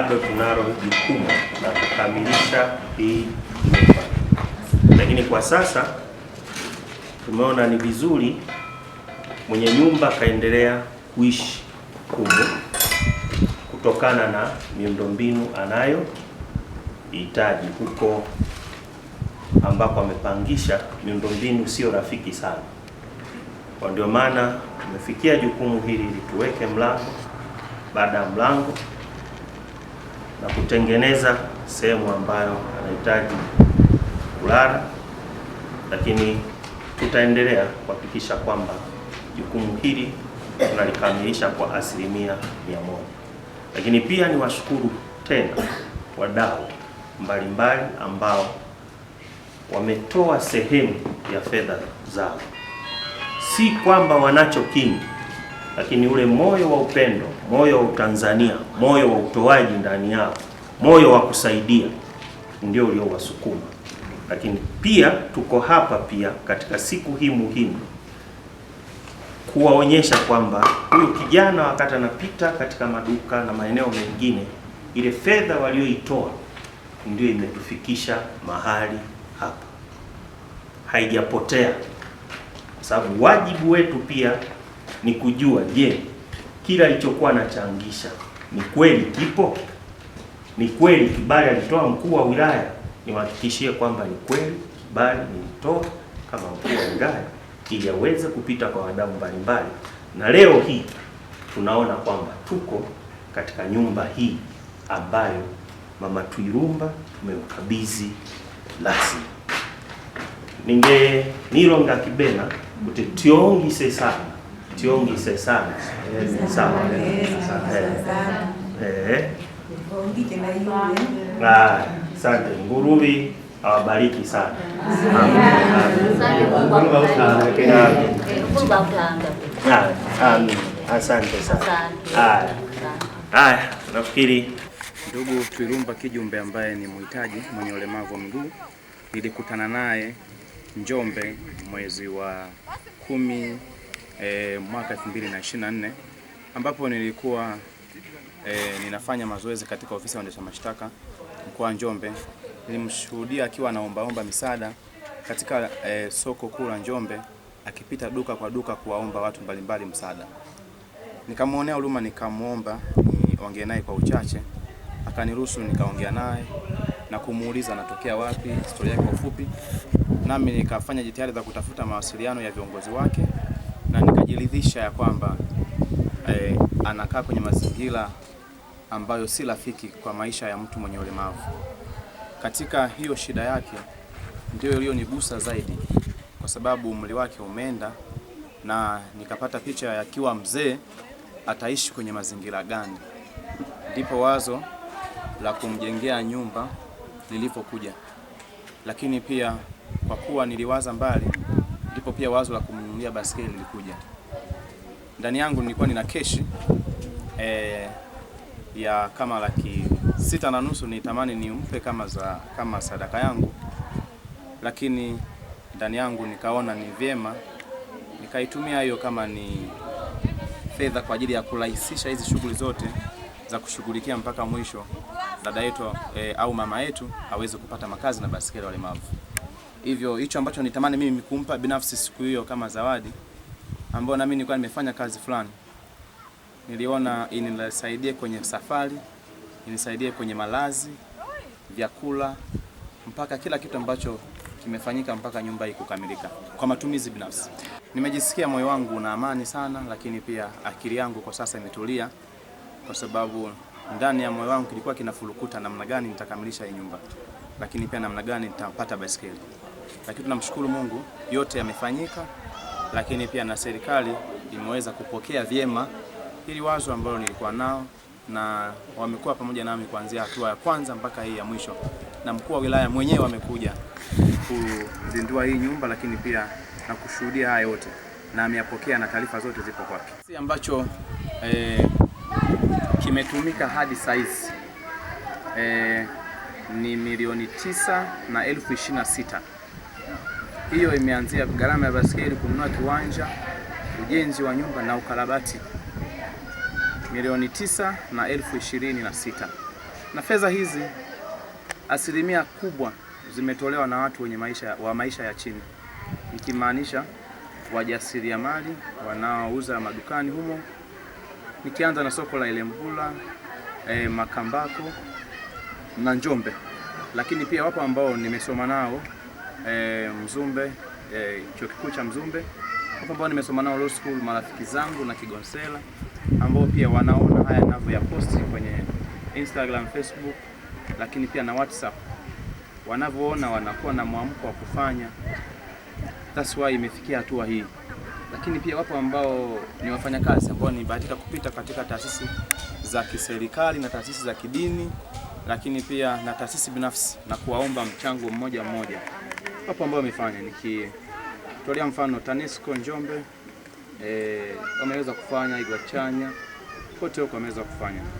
bado tunalo jukumu la kukamilisha hii nyumba, lakini kwa sasa tumeona ni vizuri mwenye nyumba akaendelea kuishi huko kutokana na miundombinu anayo hitaji huko ambapo amepangisha miundombinu sio rafiki sana. Kwa ndio maana tumefikia jukumu hili ili tuweke mlango baada ya mlango na kutengeneza sehemu ambayo anahitaji kulala, lakini tutaendelea kuhakikisha kwamba jukumu hili tunalikamilisha kwa asilimia mia moja. Lakini pia ni washukuru tena wadau mbalimbali ambao wametoa sehemu ya fedha zao, si kwamba wanacho kingi lakini ule moyo wa upendo, moyo wa Utanzania, moyo wa utoaji ndani yao, moyo wa kusaidia ndio uliowasukuma. Lakini pia tuko hapa pia katika siku hii muhimu kuwaonyesha kwamba huyu kijana wakati anapita katika maduka na maeneo mengine, ile fedha walioitoa ndio imetufikisha mahali hapa, haijapotea, kwa sababu wajibu wetu pia ni kujua, je, kila alichokuwa anachangisha ni kweli kipo? Ni kweli kibali alitoa mkuu wa wilaya? Niwahakikishie kwamba ni kweli kibali nilitoa kama mkuu wa wilaya ili aweze kupita kwa wadau mbalimbali, na leo hii tunaona kwamba tuko katika nyumba hii ambayo Mama Twilumba tumemkabidhi rasmi. ninge nilonga kibena kuti tiongi sesana tiongise sana eh, eh, sawa eh, ah, Asante. Nguruvi awabariki sana. Asante ah, ah, sana. Haya, nafikiri ndugu Twilumba Kijumbe ambaye ni mhitaji mwenye ulemavu wa mguu nilikutana naye Njombe mwezi wa kumi e, mwaka 2024 ambapo nilikuwa e, ninafanya mazoezi katika ofisi ya waendesha mashtaka mkoa wa Njombe. Nilimshuhudia akiwa anaombaomba misaada katika e, soko kuu la Njombe akipita duka kwa duka kuwaomba watu mbalimbali msaada. Nikamwonea huruma, nikamwomba niongee naye kwa uchache, akaniruhusu nikaongea naye na kumuuliza anatokea wapi, historia yake kwa ufupi, nami nikafanya jitihada za kutafuta mawasiliano ya viongozi wake kujiridhisha ya kwamba eh, anakaa kwenye mazingira ambayo si rafiki kwa maisha ya mtu mwenye ulemavu. Katika hiyo shida yake ndio iliyonigusa zaidi, kwa sababu umri wake umeenda na nikapata picha ya mzee ataishi kwenye mazingira gani. Ndipo wazo la kumjengea nyumba lilipokuja, lakini pia kwa kuwa niliwaza mbali, ndipo pia wazo la kumnunulia baskeli lilikuja ndani yangu nilikuwa nina keshi e, ya kama laki sita na nusu nitamani nimpe kama za kama sadaka yangu, lakini ndani yangu nikaona ni vyema nikaitumia hiyo kama ni fedha kwa ajili ya kurahisisha hizi shughuli zote za kushughulikia mpaka mwisho dada yetu e, au mama yetu aweze kupata makazi na basikeli walemavu. Hivyo hicho ambacho nitamani mimi kumpa binafsi siku hiyo kama zawadi ambayo nami nilikuwa nimefanya kazi fulani, niliona inisaidie kwenye safari, inisaidie kwenye malazi, vyakula, mpaka kila kitu ambacho kimefanyika mpaka nyumba hii kukamilika kwa matumizi binafsi. Nimejisikia moyo wangu na amani sana, lakini pia akili yangu kwa sasa imetulia kwa sababu ndani ya moyo wangu kilikuwa kinafurukuta namna gani nitakamilisha hii nyumba, lakini pia namna gani nitapata baiskeli. Lakini tunamshukuru Mungu, yote yamefanyika lakini pia na serikali imeweza kupokea vyema ili wazo ambalo nilikuwa nao na wamekuwa pamoja nami kuanzia hatua ya kwanza mpaka hii ya mwisho, na mkuu wa wilaya mwenyewe amekuja kuzindua hii nyumba, lakini pia na kushuhudia haya yote, na ameyapokea na taarifa zote zipo kwake. Si ambacho eh, kimetumika hadi saizi eh, ni milioni tisa na elfu ishirini na sita hiyo imeanzia gharama ya baskeli, kununua kiwanja, ujenzi wa nyumba na ukarabati milioni tisa na elfu ishirini na sita na fedha hizi asilimia kubwa zimetolewa na watu wenye maisha, wa maisha ya chini nikimaanisha wajasiriamali wanaouza madukani humo, nikianza na soko la Ilembula e, Makambako na Njombe, lakini pia wapo ambao nimesoma nao e, Mzumbe e, chuo kikuu cha Mzumbe hapo ambao nimesoma nao law school, marafiki zangu na Kigonsela ambao pia wanaona haya ninavyoyaposti kwenye Instagram, Facebook, lakini pia na WhatsApp, wanavyoona wanakuwa na mwamko wa kufanya. That's why imefikia hatua hii, lakini pia wapo ambao ni wafanyakazi ambao nibahatika kupita katika taasisi za kiserikali na taasisi za kidini, lakini pia na taasisi binafsi na kuwaomba mchango mmoja mmoja wapo ambao wamefanya, nikitolea mfano TANESCO Njombe e, wameweza kufanya, Igwa Chanya kote huko wameweza kufanya.